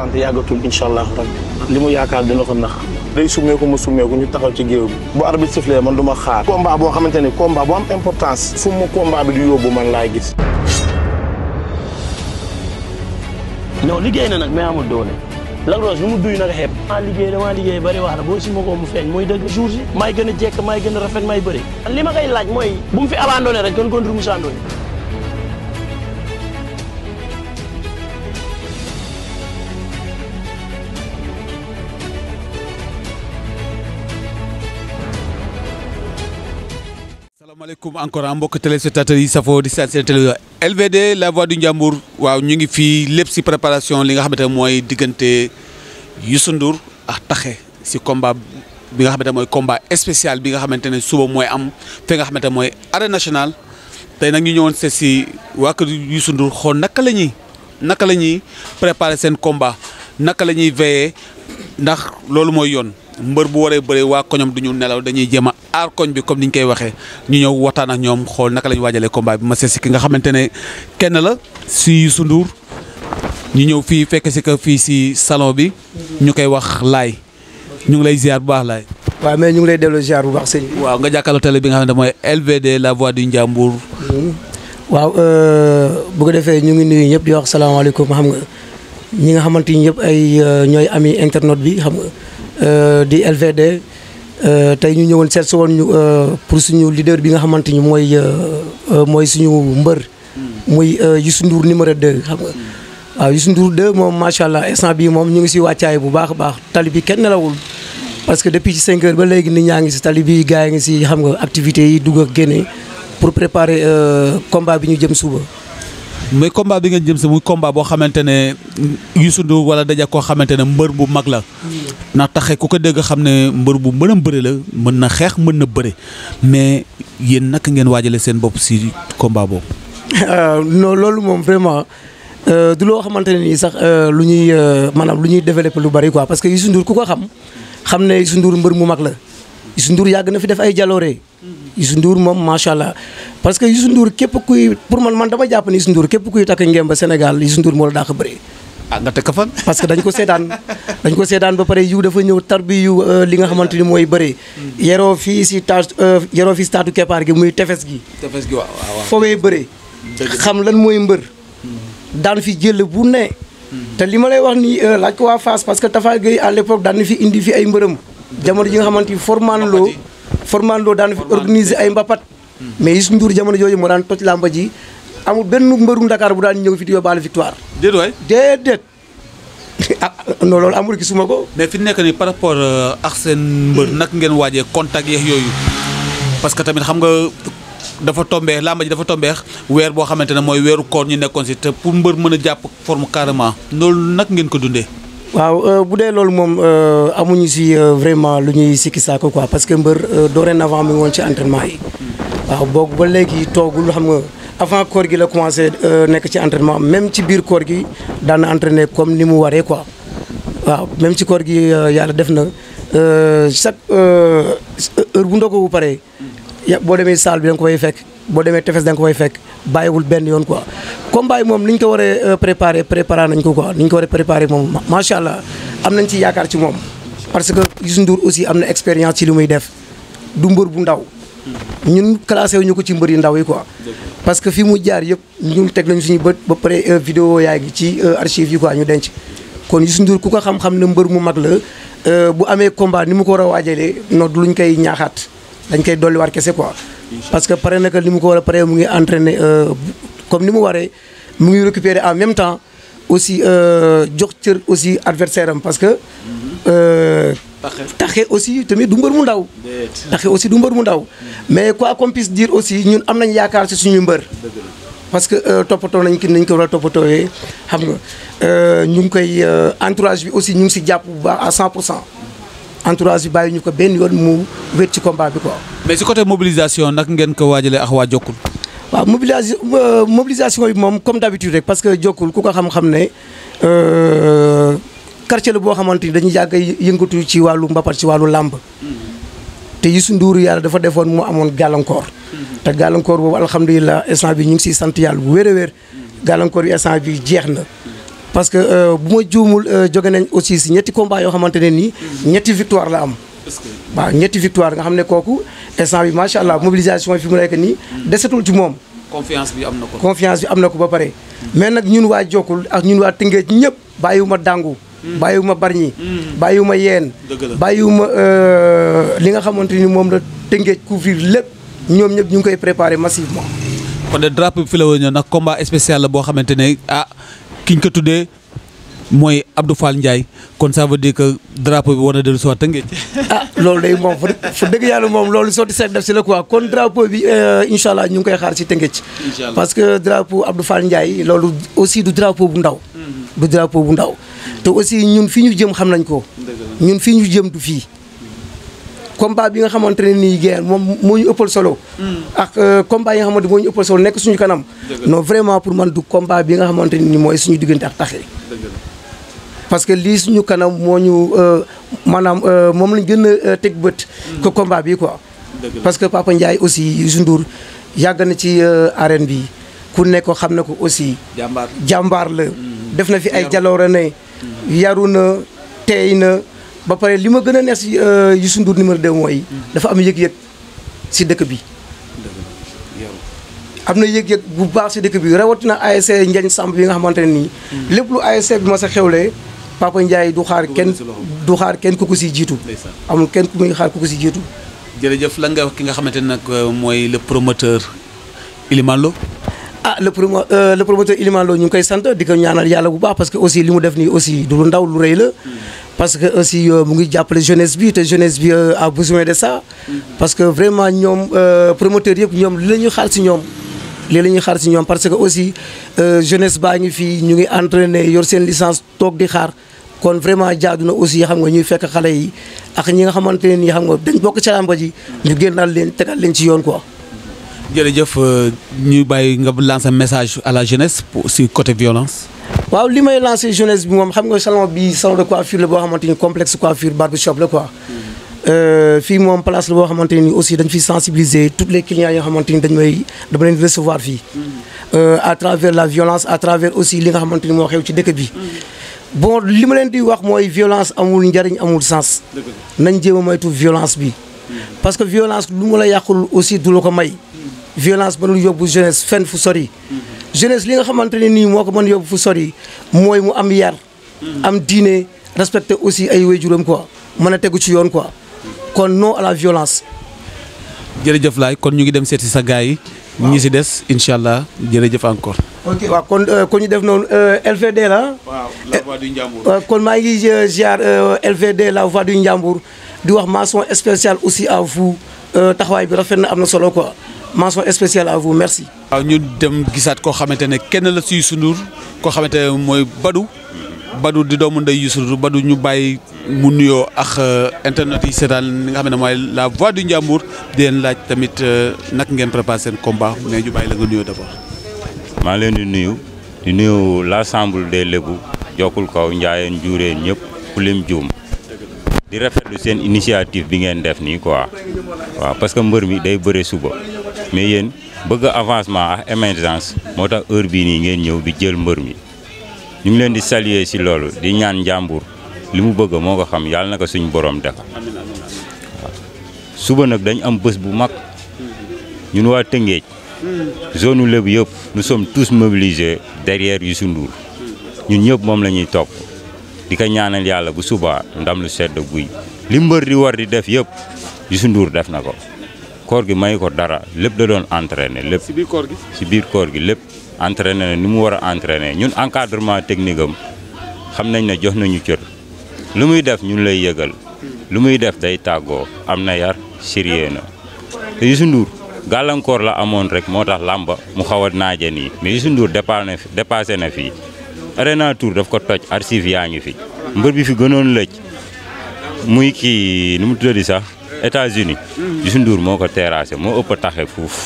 40 yàggatul incha allah rabbi li mu yaakaar dina ko nax day summeeku ma summeeku ñu taxaw ci géew bi bu arbitre sifflé man du ma xaar combat boo xamante ni combat bu am importance fu mu combat bi di yóbbu man laay gis non liggéey na nag mais amul doole Lac lu mu duy nag xeeb maa liggéey damaa liggéey bari wax la boo si ma ko mu feeñ mooy dëgg jour si maay gën a jekk maay gën a rafet maay bëri li ma koy laaj mooy bu mu fi abandonné rek kon contre mu sandonné Assalamualaikum, encore am mbokk téléspectateurs yi safo di sen télé LVD la voix du Njambour waaw ñu ngi fi lepp si préparation li nga xamanté moy digënté Youssou Ndour ak Taxé si combat bi nga xamanté moy combat spécial bi nga xamanté né suba moy am fi nga xamanté moy arena nationale tay nak ñu ñëwon si wa Yusundur, Youssou Ndour xon nak lañuy nak lañuy préparer sen combat nak lañuy veiller ndax lolu moy yoon. mbër bu waree bëree waa koñom du ñu nelaw dañuy jéem a aar koñ bi comme ni ñu koy waxee ñu ñëw waxtaan ak ñoom xool naka la ñu waajalee combat bi ma seet si ki nga xamante ne kenn la si Youssou ñu ñëw fii fekk si ko fii si salon bi ñu koy wax laay ñu ngi lay ziar bu baax laay. waaw mais ñu ngi lay dellu ziar bu baax sëñ bi. waaw nga jàkkaarloo télé bi nga xam ne mooy LVD la voix du Ndiambour. Mm-hmm. waaw euh, bu ko defee ñu ngi nuyu ñëpp di wax salaamaaleykum xam nga ñi nga xamante ni ñëpp ay euh, ñooy ami internet bi xam nga. Euh, di LVD euh, tay ñu ñëwon seet si woon ñu euh, pour suñu leader bi nga xamanteni moy moy suñu mbeur hmm. moy Youssou Ndour numéro 2 xam nga. waaw Youssou Ndour 2 moom macha allah instant bi mom ñu ngi ci waccay bu baax baax tali bi kenn nelawul. parce que depuis 5 heures ba légui ni ñangi ci si tali bi gars yi ngi xam nga activité yi dugg ak gene pour préparer combat bi ñu jëm suba. mais combat bi ngeen jëm si muy kombaa boo xamante ne Youssou Ndour wala daja koo xamante ne mbër bu mag la ndax taxe ku ko dégg xam ne mbër bu mën a bëri la mën na xeex mën na bëri mais yéen naka ngeen waajale seen bopp si combat boobu. Euh, non loolu moom vraiment euh, du loo xamante ne nii sax euh, lu ñuy maanaam lu ñuy développé lu bari quoi parce que Youssou Ndour ku ko xam xam ne Youssou Ndour mbër mu mag la Youssou Ndour yàgg na fi def ay jaloore. Youssou nduur moom macha allah parce que Youssou Ndour képp kuy pour man man dama jàpp ne Youssou Ndour képp kuy takk ngemba Sénégal Youssou Ndour moo la dàq bëri. ah nga tëkk fan. parce que dañ ko seedaan dañ ko seedaan ba pare yu dafa ñëw tarbi yu euh, li nga xamante ni mooy bëri. Mm. yeroo fii si ta yeroo fii gi muy tefes gi. tefes gi waaw waaw bëri. xam lan mooy mbër. Mm. daan fi jël bu ne. Mm. li ma lay wax nii euh, laaj ko waa que Tafa Gueye à l'époque fi indi fi ay mbërëm. jamono ji nga xamante ni formaan loo formandoo daan fi organiser ay mbappat mais Youssou Ndour jamono jooju moo daan toj làmba ji amul benn mbëru ndakaar bu daan ñëw fi di yóbbaale victoire déet waay déedéet ah loolu amul gisuma ko mais fi nekk nii par rapport euh, ak seen mbër nag ngeen waajee contact yeex yooyu parce que tamit xam nga dafa tombee làmba ji dafa tombee weer boo xamante ne mooy weeru koor ñi nekkoon si te pour mbër mën a jàpp forme carrément loolu nag ngeen ko dundee waaw euh, bu dee loolu moom euh, amuñu si euh, vraiment lu ñuy sikki saako quoi parce que mbër navant mi ngi woon ci entraînement yi waaw boobu ba léegi toogul xam nga avant koor gi la commencé nekk ci entraînement même ci biir koor gi daan na entraîné comme ni mu waree quoi waaw même ci koor gi yàlla def na chaque heure bu ndogu bu paree boo demee salle bi da nga fekk boo demee tefes da nga fekk. bàyyiwul benn yoon quoi combat yi moom ni ñu ko waree a euh, préparé préparé nañ ko quoi ni ñu ko war a préparé moom macha allah am nañ ci yaakaar ci moom. parce que Youssou nduur aussi am na expérience ci lu muy def du mbër bu ndaw. ñun classé wu ñu ko ci mbër yu ndaw yi quoi. parce que fi mu jaar yëpp ñun teg nañ suñu bët ba pare euh, vidéo yaa ngi ci euh, archive yi ñu denc. kon Youssou Ndour ku ko xam-xam ne mbër mu mag la bu amee combat ni mu ko war a waajee noo waajalee lu ñu koy ñaaxaat dañ koy dolliwaat kese quoi. parce que pare naka li mu ko war a pare mu ngi entraîné euh, comme ni mu waree mu ngi récupérer en même temps aussi euh, jox cër aussi adversaire am parce que. Euh, taxe aussi tamit du mu ndaw. taxe aussi du mu ndaw. mais ko qu'on puisse dire aussi ñun am nañ yaakaar ci suñu mbër. parce que toppatoo nañ ki nañ ko war xam nga ñu ngi koy entourage bi aussi ñu ngi ci jàpp bu baax à 100 pour cent. entourage bi bàyyi ñu ko benn yoon mu wét ci combat bi quoi. mais si côté mobilisation nag ngeen ko waajalee ak waa Jokkul. waaw euh, mobilisation mobilisation bi moom comme d'habitude rek parce que Jokkul ku ko xam-xam ne euh, quartier la boo xamante ni dañuy yàgg yëngatu ci wàllu mbapat ci wàllu làmb. te su Ndour yàlla dafa defoon mu amoon gàllankoor. te gàllankoor boobu alhamdulilah instant bi ñu ngi siy sant yàlla bu wér wér. gàllankoor bi instant bi jeex na. parce que euh, bu ma juumul euh, jóge nañ aussi si ñetti combat yoo xamante ne nii ñetti victoire la am. waaw ñetti victoire nga xam ne kooku instant bi macha allah mobilisation fi mu nekk nii desetul ci moom. confiance bi am na ko. confiance am na ko ba pare. mais nag ñun waa Jokkul ak ñun waa Tëngéej ñëpp bàyyiwuma dàngu. bàyyiwuma barñi. Hmm. bàyyiwuma yeen. bàyyiwuma euh, li nga xamante ni moom la Tëngéej couvrir lépp ñoom ñëpp ñu ngi koy préparé massivement. kon de drapeau bi fi nag combat spécial la boo xamante ne ah. ki ko tuddee mooy Abdou Fall Ndiaye kon ça veut dire que drapeau bi war na dellu si waat Tëngéej. ah loolu day moom fu dëgg yàlla moom loolu sotti seet def si la quoi kon euh, ñu ngi koy xaar si Tëngéej. parce que drapeau Abdou Fall Ndiaye loolu aussi du drapeau bu ndaw. Mm-hmm. du bu ndaw te aussi ñun fi ñu jëm xam nañ ko. ñun fi ñu jëm du fii. combat bi nga xamante ne nii guerre moom moo ñu solo. Hmm. ak euh, combat yi nga xamante nekk suñu kanam. non vraiment pour man du combat bi nga xamante ne nii mooy suñu diggante ak tax parce que lii suñu kanam moo ñu euh, maanaam euh, moom lañ gën a teg bët. Hmm. que combat bi quoi. parce que Papa Ndiaye aussi Youssou Ndour yàgg na ci arène bi ku ne ko xam na ko aussi. jàmbaar jàmbaar la. Hmm. def na fi ay jaloore ne yaru na teey ba pare li ma gën a nees euh, Youssou Ndour numéro de mooy. dafa am yëg-yëg si dëkk bi. am na yëg-yëg bu baax si dëkk bi rawatina ASC Ndiagne Samb bi nga xamante ne nii. lépp lu ASC bi ma sa xewlee Papa Ndiaye du xaar kenn du xaar kenn ku ko si jiitu. amul kenn ku muy xaar ku ko si jiitu. jërëjëf lan nga wax ki nga xamante ne nag euh, mooy le promoteur Ilimane Lo. ah le promo euh, le promoteur ñu ngi koy sant di ko ñaanal yàlla bu baax parce que aussi li mu def nii aussi du ndaw lu rëy la. Hmm. parce que aussi euh, mu ngi jàppale jeunesse bi te jeunesse bi euh, a besoin de ça parce que vraiment ñoom euh, promoteurs yëpp ñoom li la ñuy xaar si ñoom lii la ñuy xaar si ñoom parce que aussi jeunesse baa ngi fii ñu ngi entraîné yor seen licence toog di xaar kon vraiment jaadu na aussi xam nga ñuy fekk xale yi ak ñi nga xamante ne nii xam nga dañ bokk ci làmb ji ñu génnal leen tegal leen ci yoon ko jërëjëf nous, euh, bàyyi nga lancer message à la jeunesse ce côté violence. waaw li may lancer jeunesse bi moom xam nga salon bi salon de coiffure le boo xamante ni complexe coiffure barbershop le quoi. Euh, moi, en place le boo xamante ni aussi dañ fiy sensibiliser tous les clients yoo xamante ni dañ may dama leen recevoir vie. Euh, à travers la violence à travers aussi li nga xamante ni moo xew ci bi. bon li ma dit di wax violence amul njariñ amul sens. nañ jéem a moytu violence bi. Hmm. parce que violence lu mu la yàqul aussi douloureux la may violence ba doon yóbbu jeunesse fenn fu sori. jeunesse li nga xamante ni moko moo ko mën fu sori moy mu am yar. am diine respecter aussi ay waajuram quoi mané téggu ci yoon quoi kon non à la violence. jërëjëf lay kon ñu ngi dem séti sa gaay yi. ñi ci dess inshallah allah jërëjëf encore. ok waaw kon euh, ko ñu def non euh, LVD la. waaw la voix du Ndiambour. Euh, kon ma ngi ziar LVD la voix du Ndiambour di wax mention spécial aussi à vous taxaway bi rafet na am solo quoi. mention spéciale à merci. waaw ñu dem gisaat koo xamante ne kenn la si Youssou Ndour koo xamante ne mooy Badou badu di doomu ndey Youssou Ndour Badou ñu bàyyi mu nuyoo ak euh, internet yi seetaan li nga xam ne mooy la voix du Ndiambour di laaj tamit euh, nak ngeen préparé seen combat mais ñu bàyyi la nga nuyoo d'abord. maa leen di nuyu di nuyu l'ensemble des Lébou jokkul kaw njaayeen juureen ñëpp ku lim juum. di rafetlu sen initiative bi ngeen def ni quoi wa parce que mbeur mi day beure suba mais yeen bëgg avancement ak emergence motax heure bi ni ngeen ñew di jël mbeur mi ñu ngi leen di saluer ci lolu di ñaan jambour limu bëgg moo xam yalla naka suñu borom def suba nak dañ am bëss bu mak ñun wa Tëngéej zone u yëpp nous sommes tous mobilisés derrière yusundour ñun ñëpp mom lañuy top di ko ñaanal yàlla bu subaa ndam lu sedd guy li mbër di war di def yëpp Youssou Ndour def na ko koor gi may ko dara lépp da doon entraîné lépp. si biir koor gi si biir koor gi lépp entraîné na ni mu war a entraîné ñun encadrement technique am xam nañ ne jox nañu cër lu muy def ñun lay yëgal lu muy def day tàggoo am na yar sérieux na te Youssou Ndour gàllankoor la amoon rek moo tax làmba mu xaw a naaje nii mais Youssou Ndour dépassé na fii Arena Tour daf ko toj archive yaa ngi fi mbër bi fi gënoon lëj muy kii nu mu tuddati sax États-Unis Youssou Ndour moo ko terrassé moo ëpp a taxe fuuf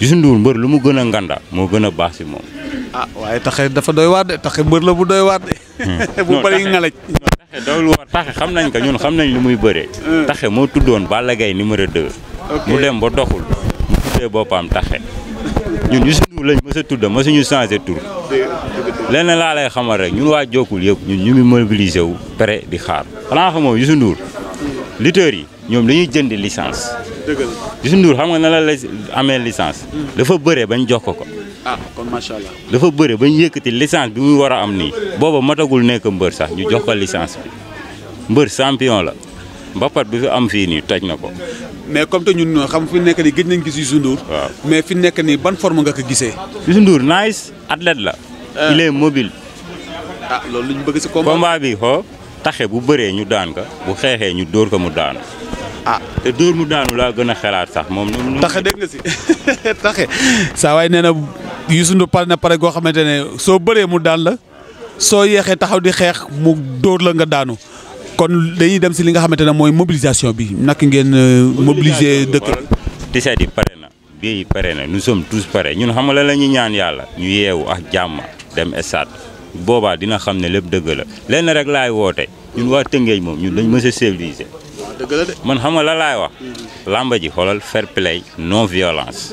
Youssou mbër lu mu gën a nganda moo gën a baax si moom ah waaye taxe dafa doy waar de taxe mbër la bu doy waar de hmm. bu bëri ngalaj taxe dawul war taxe xam nañ ko ñun xam nañ lu muy bëree hmm. taxe moo tuddoon Balla Gaye numéro 2 mu dem ba doxul mu tuddee boppam taxe ñun Youssou Ndour lañ mës a tudd mësuñu changé tur lenn laa lay xamal rek ñun waa Jokul yëpp ñun ñu mi mobilisé wu pare di xaar xanaa xamoo Youssou Ndour lutteurs yi ñoom dañuy jënd licence Youssou Ndour xam nga na la amee licence dafa bëree bañ jox ko ko ah, kon macha allah dafa bëre bañ yëkkati licence bi muy war a am nii booba matagul nekk mbër sax ñu jox ko licence bi mbër champion la mbapat bi fi am fii nii taj na ko. mais comme te ñun xam fi nekk nii gëj nañ gis Youssou Ndour. mais fi nekk nii ban forme nga ko gisee. Youssou Ndour nice athlète la. Euh. il est mobile. ah loolu lu ñu bëgg si combat. combat bi xoo taxe bu bëree ñu daan ka bu xeexee ñu dóor ko mu daanu. ah te dóor mu daanu laa gën a xalaat sax moom. taxe dégg nga si taxe. saa waay nee na Youssou Ndour pare na pare goo xamante ne soo bëree mu daan la soo yeexee taxaw di xeex mu dóor la nga daanu. kon dañuy dem si li nga xamante ne mooy mobilisation bi nak ngeen euh, mobiliser dëkk di seet yi pare na bii yi pare na nous sommes tous pare ñun xam nga la ñuy ñaan yàlla ñu yeewu ak jàmm dem stade boobaa dina xam ne lépp dëgg la lenn rek laay woote ñun waa Tëngéej moom ñun dañu mës a civiliser man xam la laay wax mm-hmm. làmba ji xoolal fair play non violence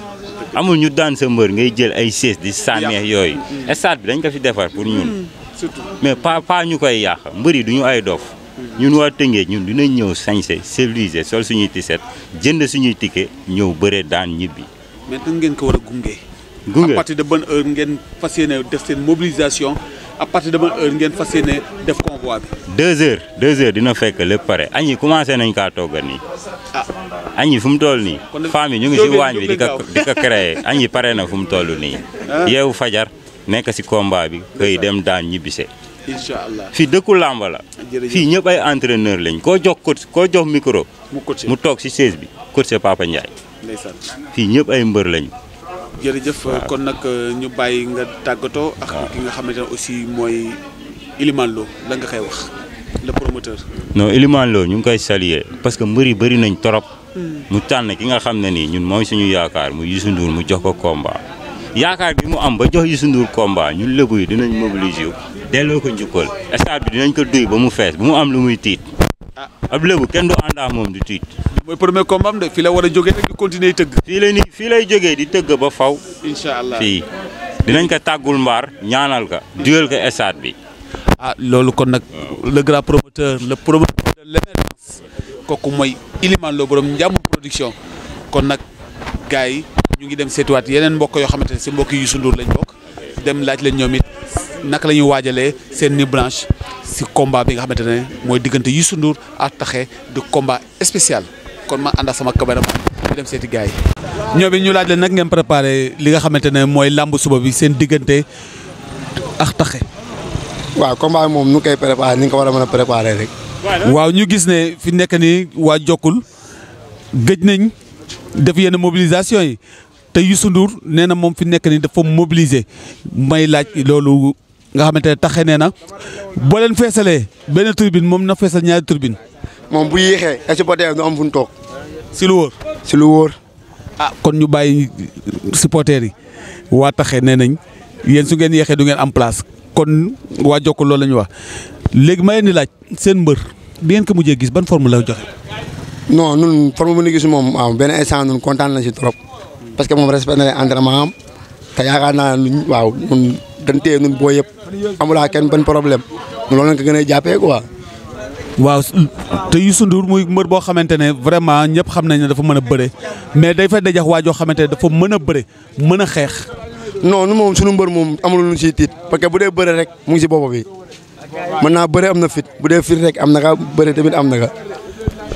amul ñu daan sa mbër ngay jël ay sées di sànneex yooyu stade bi dañ ko fi defar pour ñun mm-hmm. mais pas pas ñu koy yàq mbër yi du ñu ay dof ñun waa Tëngéej ñun dinañ ñëw sañse civilisé sol suñuy tiset jënd suñuy ticket ñëw bëre daan ñibbi. mais nan ngeen ko war a gunge. gunge de bonne ngeen fas yéene def seen mobilisation à partir de bonne heure ngeen fas def convoi bi. deux heures deux heures dina fekk lépp pare añ yi commencé nañ kaa toggal nii. ah añ yi fu mu toll nii. kon femme yi ñu ngi si waañ bi di ko di ko créé añ yi pare na fu mu toll nii. Ah. yeewu fajar nekk si combat bi koy dem daan ñibbise. incha fii dëkku lamba la. fii ñëpp ay entraîneur lañ koo jox coach koo jox micro. mu toog si chaise bi coach Papa Ndiaye. ndeysaan fii ñëpp ay mbër lañu. jërëjëf kon nag euh, ñu bàyyi nga tàggatoo. ak ki nga xamante ne aussi mooy Ilimane Lo la nga koy wax le promoteur. non Ilimane ñu ngi koy saluer parce que mbër yi bëri nañ torop hmm. mu tànn ki nga xam ne nii ñun mooy suñu yaakaar mu Youssou Ndour mu jox ko combat. yaakaar bi mu am ba jox Youssou Ndour combat ñu Lebu yi dinañ mobiliser wu delloo ko njukkal stade bi dinañ ko duy ba mu fees bu mu am lu muy tiit ah. ab Lebu kenn du ànd moom du tiit. mooy premier combat am de fii la war a jógee rek di continuer tëgg. fii la ni fii lay jógee di tëgg ba faw. incha allah fii dinañ ko tàggul mbaar ñaanal ka duyal ko stade bi. ah loolu kon nag le grand promoteur le promoteur de l'émergence kooku mooy Ilimane Lo borom njàmm production kon nag. gars yi dem seetuwaat yeneen mbokk yoo xamante ne si mbokk Youssou Ndour lañ bokk dem laaj leen ñoom it naka la ñuy waajalee seen ni branche si combat bi nga xamante ne mooy diggante Youssou Ndour ak Taxé de combat spécial kon ma ànd sama cameraman ñu seeti gars yi. ñoom ñu laaj leen nag ngeen préparé li nga xamante ne mooy làmb suba bi seen diggante ak Taxé. waa combat moom nu koy préparé ni nga ko war a mën a préparé rek. waaw ñu gis ne fi nekk nii waa Jokkul gëj nañ. def yenn mobilisation yi te Youssou Ndour nee na moom fi nekk nii dafa mobiliser may laaj loolu nga xamante ne taxe nee na boo leen feesalee benn turbine moom na feesal ñaari turbine moom bu yéexee supporter du am fu ñu toog. si lu wóor. si lu wóor. ah kon ñu bàyyi supporter yi waa taxe nee nañ yéen su ngeen yéexee du ngeen am place kon waa Jokalante loolu la ñu wax léegi ma leen di laaj seen mbër bi ngeen ko mujjee gis ban forme la joxe. non ñun forme bu gis moom waaw benn instant ñun kontaan na si trop parce que moom respecté na entraînement am te yaakaar naa ne waaw ñun dañ boo yëpp amulaa kenn ban problème loolu lañ ko gën a jàppee quoi. waaw te Youssou Ndour muy mbër boo xamante ne vraiment ñëpp xam nañ ne dafa mën a bëre mais day fay dajax waa joo xamante ne dafa mën a bëre mën a xeex. non nu moom suñu mbër moom amul lu tiit parce que bu dee bëre rek mu ngi si bopp bi mën naa bëre am na fit bu dee fit rek am na ka bëre tamit am na ka.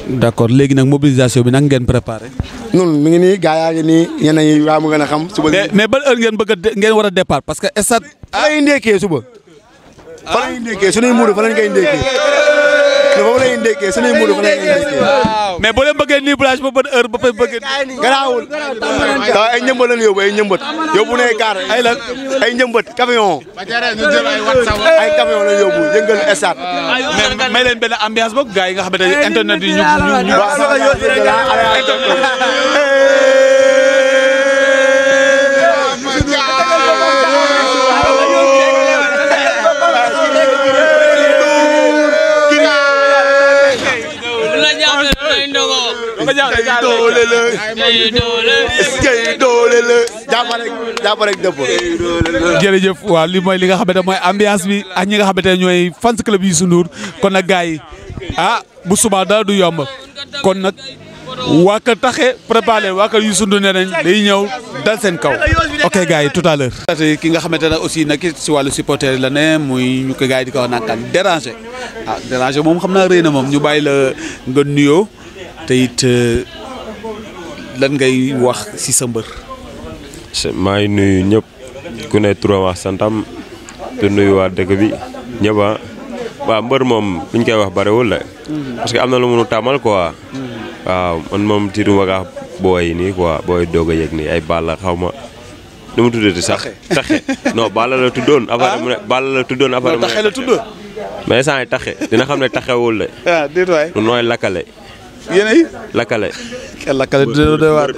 d' accord léegi nag mobilisation bi nag ngeen préparé. noonu mi ngi ni gars yaa ngi nii yéen a ngi waa mu gën a xam. suba mais mais ban ngeen bëgg ngeen war a départ parce que stade. fa la ñuy ndékkee suba. fa la ñuy ndékkee suñuy muur fa la foofu la ñuy ndekkee suñuy mudu fa la ñuy ndekkee mais boo leen bëggee nii plage ba bët heure ba fa bëggee garaawul ay ñëmbat lañ yóbbu ay ñëmbat yóbbu ne gaar ay lan ay ñëmbat camion ay camion lañ may leen benn ambiance boog gars nga xamante ne yi ñu ñu ñu doole la eskay rek jàpp rek dëpp jërëjëf li mooy li nga xamante mooy ambiance bi ak ñi nga xamante ñooy fans club Youssou Ndour kon nag gars yi ah bu subaa dara du yomb kon nag waa ka taxe préparé waa ka Youssou Ndour nee nañ day ñëw dal seen kaw ok gars yi tout à l'heure ki nga xamante ne aussi nag si wàllu supporter la ne muy ñu ko gars di ko wax naan kan déranger ah déranger moom xam naa rëy na moom ñu bàyyi la nga nuyo te it euh, lan ngay wax ci sa mbër. maa ngi nuyu ñëpp ku ne turam wax santam te nuyu waa dëkk bi ñëpp ah mbër moom li ñu koy wax barewul la. Mhm. parce am na lu mënu tàmmal quoi. Mhm. waaw man moom tiitu ma kaa booy nii quoi booy doog a yëg nii ay balla xaw ma. nu mu tuddati sax taxe non balla ah? la tuddoon affaire mu ne balla la tuddoon affaire mu ne. la tuddoon. mais saa yi taxe dina xam ne taxewul la. ah déet waay lu nooy lakkale. yéenay lakkale.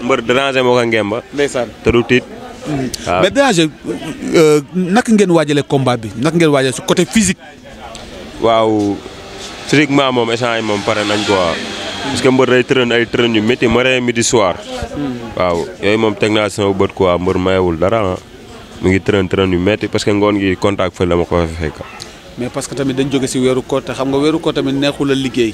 mbër déranger moo ko ngemba. ndeysaan te du tiit. Mm-hmm. mais déranger euh, naka ngeen waajalee combat bi naka ngeen waajalee su côté physique. waaw physiquement moom échange moom pare nañ quoi. parce que mbër day tërën ay tërën yu métti matin midi soir. Mm-hmm. waaw yooyu moom teg naa sama bët quoi mbër mayewul dara ah. mu ngi tërën tërën yu métti parce que ngoon gi contact fële la ma ko fekk. mais parce que tamit dañ jóge si weeru koor te xam nga weeru ko tamit neexul a liggéey.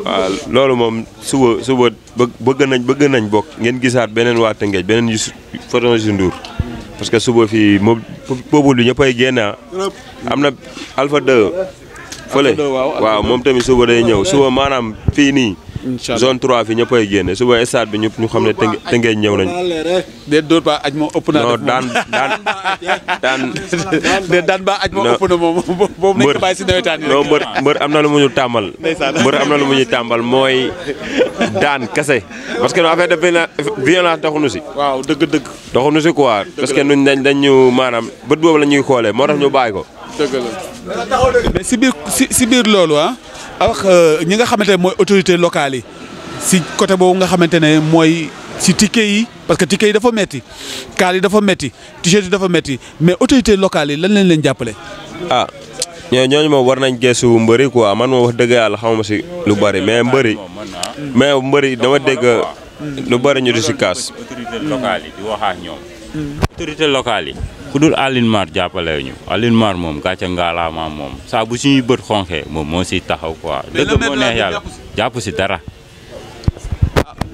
waaw loolu moom suba suba bëgg nañ bëgg nañ bok ngeen gisaat beneen waa Tëngéej beneen yu photo Youssou parce que suba fii moom peuple bi ñëppay génn ah. am na Alpha 2 fële waaw moom tamit suba day ñëw suba maanaam fi nii zone 3 fi ñëppay su suba stade bi ñëpp ñu xam ne ngeen ñew nañ de door ba aj mo ëpp na non dan dan dan de dan ba aj eh. mo ëpp na mom boobu nañ ko bàyyi si nawetaan yi non mbeur mbër am lu mu ñu tàmbal mbër am lu mu ñu tàmbal mooy daan kese parce que non affaire de violence doxunu ci waaw deug dëgg doxunu ci quoi parce que nuñ dañ dañ ñu manam bët bobu lañuy xolé mo tax ñu bay ko deug la mais si bir si bir lolu ha ah, wax euh, ñi nga xamante ne mooy autorité locale yi si côté boobu nga xamante ne mooy si ticket yi parce que ticket yi dafa metti kaar yi dafa metti t yi dafa metti mais autorité locale yi lan lañ leen jàppale. ah ñooñu moom war nañ geesu mbëri quoi man moom wax dëgg yàlla xamuma si lu bari mais mbëri mais mbëri dama dégg lu bari ñu di si kaas. autorité locale ñoom. autorité locale yi. ku dul Alioune Mar jàppale ñu Alioune Mar moom gàcce ngaalaama moom saa bu suñuy bët xonxee moom moo siy taxaw quoi dëgg moo yàlla jàpp si dara.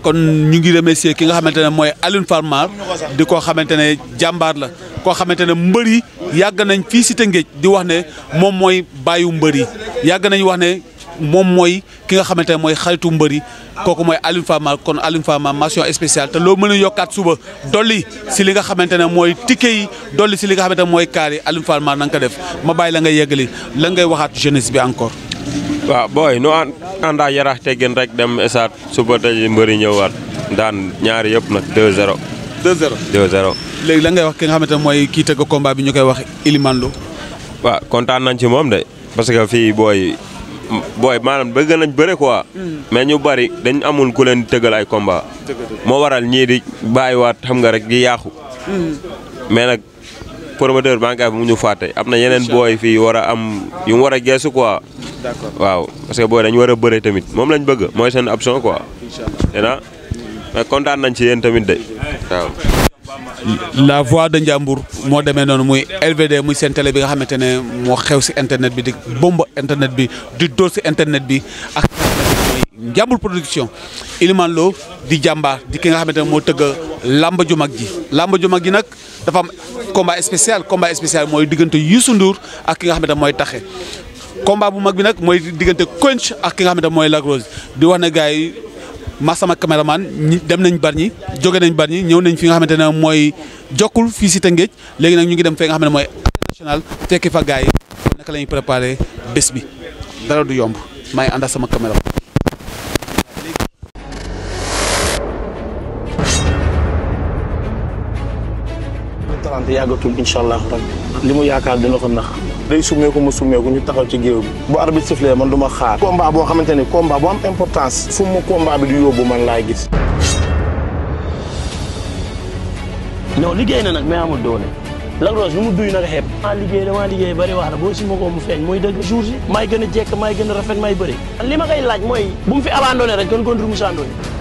kon ñu ngi remercier ki nga xamante ne mooy Alioune Fall Mar di koo xamante ne jàmbaar la koo xamante ne mbër yi yàgg nañ fii si Tëngéej di wax ne moom mooy bàyyu mbër yi yàgg nañu wax ne moom mooy ki nga xamante ne mooy xaritu mbëri kooku mooy Alioune Fama kon Alioune Fama mention spéciale te loo mën a yokkaat suba dolli si li nga xamante ne mooy ticket yi dolli si li nga xamante ne mooy kaar yi Alioune Fama ko def ma bàyyi la nga yeggali lan ngay waxaat jeunesse bi encore. waaw booy nu àndaa yarax teggin rek dem esaat suba tey mbëri ñëwaat daan ñaari yëpp nag léegi la ngay wax ki nga xamante ne mooy kii tëgg combat bi ñu koy wax Ilimane Lo. waaw kontaan nañ ci moom de parce que fii booy. booy maanaam bëgg nañ bëre quoi. Mm. mais ñu bari dañ amul ku leen tëggal ay moo waral ñii di bàyyiwaat xam nga rek di yaaxu. Mm. mais nag promoteur bancaire bi mu ñu fàtte am na yeneen booy fii war a am yu war a geesu quoi. waaw parce que booy dañu war a bëre tamit moom lañ bëgg mooy seen option quoi. incha allah kontaan nañ si yéen tamit de waaw. la voix de Ndiambour moo demee noonu muy LVD muy seen télé bi nga xamante ne moo xew si internet bi di bomb internet bi di dóor si internet bi ak Ndiambour production Ilimane Lo di jàmbaar di ki nga xamante ne moo tëgg làmba ju mag ji làmba ju mag ji nag dafa am combat spécial combat spécial mooy diggante Youssou Ndour ak ki nga xamante ne mooy taxe combat bu mag bi nag mooy diggante Quench ak ki nga xamante ne mooy Lac di wax ne gars ma sama caméraman ñi dem nañ Bargny jóge nañ Bargny ñëw nañ fi nga xamante ne mooy jokkul fii si Tëngéej léegi nag ñu ngi dem fee nga xam ne mooy Arène Nationale fekki fa gars yi naka la ñuy préparé bés bi dara du yomb maa ngi ànd ak sama caméraman Atalanta yàggatul incha allah rabbi li mu yaakaar dina ko nax day summeeku ma summeeku ñu taxaw ci géew bi bu arbitre sifflé man du ma xaar combat boo xamante ni combat bu am importance fu mu combat bi di yóbbu man laay gis non liggéey na nag mais amul doole Lac Rose mu duy nag xeeb maa liggéey damaa liggéey bëri wax la boo si ma ko mu feeñ mooy dëgg jour si may gën a jekk may gën a rafet may bëri li ma koy laaj mooy bu mu fi abandonné rek kon contre mu sandonné